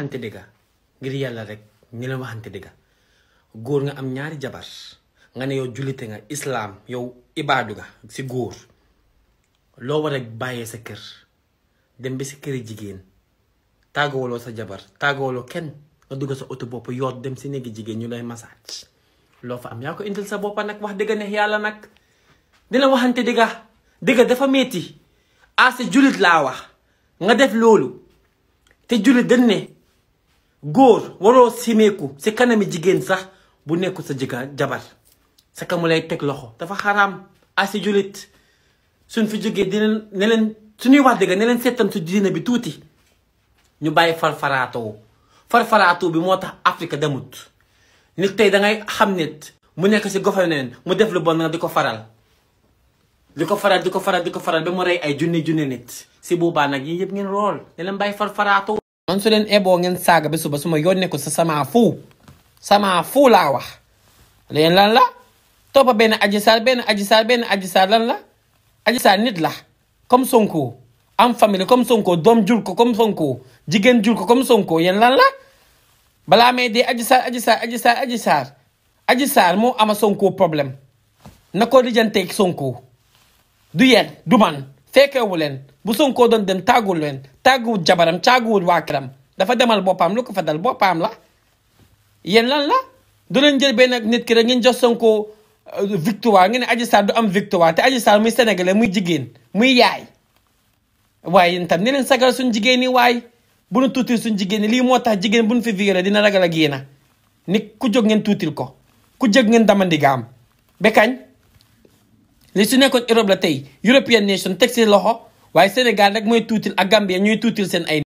waxante dëgga ngir yàlla rek ñu leen waxante nga am ñaari jabar nga ne yow nga islaam yow ibaadu si góor loo war a sa kër dem bi si jigéen tàggawaloo sa jabar tàggawaloo kenn nga dugg sa oto bopp yoot dem si néegi jigéen ñu lay massage loo fa am yaa ko indil sa boppa nag wax dëgg neex yàlla nag dina waxante dëgga dëgga dafa metti ah sa jullit laa wax nga def loolu te jullit dañ ne góor waroo simeeku si kanami jigéen sax bu nekkul sa jiga jabar sa mu lay teg loxo dafa xaraam asi julit suñ fi jógee dina ne leen suñuy wax dëgg ne seetam su diina bi tuuti ñu bàyyi farfaraatoo farfaraatoo bi moo tax Afrique demut nit tey dangay xam nit mu nekk si gouvernement mu def lu bon nga di ko faral di ko faral di ko faral di ko faral ba mu rey ay junni junni nit si boobaa nag yi yëpp ngeen rool ne bàyyi farfaraatoo man su leen eboo ngeen saaga ba suba su ma yónnee ko sa sama fu sama fu laa wax leen la toppa benn Adji Sarr benn Adji Sarr benn Adji Sarr lan la Adji Sarr nit la comme Sonko am famille comme Sonko doom jur ko comme Sonko jigéen jur ko comme Sonko yéen lan la balaa may dee Adji Sarr Adji Sarr Adji Sarr Adji Sarr Adji Sarr moo ama Sonko problème na ko lijjanteeg Sonko du yéen du man fekkewu leen bu Sonko doon dem tàggul leen tàgguwul jabaram tàgguwul waa dafa demal boppam lu ko fadal dal la yéen lan la du leen jël benn nit ki rek ngeen jox Sonko euh, victoire ngeen ne Adji Sarr am victoire te Adji Sarr muy sénégalais muy jigéen muy yaay waaye yéen tam ni sagal suñ jigéen ñi waay bu nu tuutil suñ jigéen ñi lii moo tax jigéen bu nu fi violé dina ragal a génn ni ku jog ngeen tuutil ko ku jóg ngeen dama ndigaam ba kañ li su nekkoon Europe la tey European nation teg seen loxo waaye Sénégal rek mooy tuutil ak Gambie ñooy tuutil seen ay.